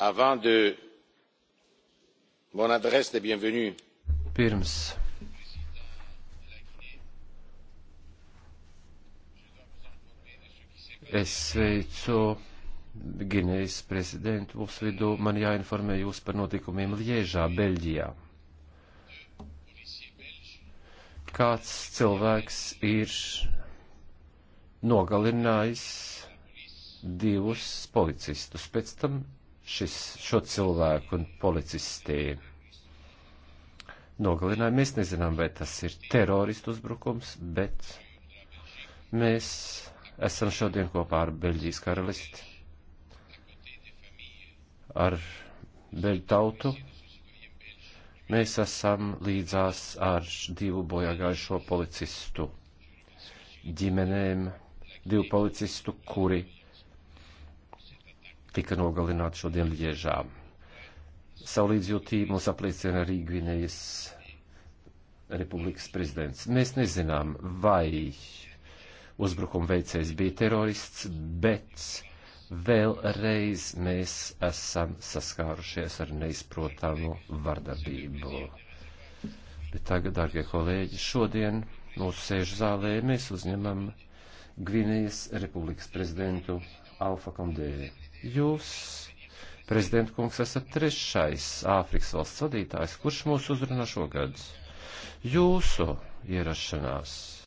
avant de mon adresse de bienvenue pirms es sveicu Ginejas prezidentu mūsu vidū, man jāinformē jūs par notikumiem Liežā, Beļģijā. Kāds cilvēks ir nogalinājis divus policistus, pēc tam šis, šo cilvēku un policistī nogalināja. Mēs nezinām, vai tas ir teroristu uzbrukums, bet mēs esam šodien kopā ar Beļģijas karalisti, ar Beļu tautu. Mēs esam līdzās ar divu bojāgājušo policistu ģimenēm, divu policistu, kuri tika nogalināti šodien Liežā. Savu līdzjūtību mums apliecina arī Gvinējas republikas prezidents. Mēs nezinām, vai uzbrukuma veicējs bija terorists, bet vēlreiz mēs esam saskārušies ar neizprotamu vardarbību. Bet tagad, dārgie kolēģi, šodien mūsu sēžu zālē mēs uzņemam Gvinējas republikas prezidentu Alfa Kondēju. Jūs, prezidenta kungs, esat trešais Āfrikas valsts vadītājs, kurš mūs uzruna šogad. Jūsu ierašanās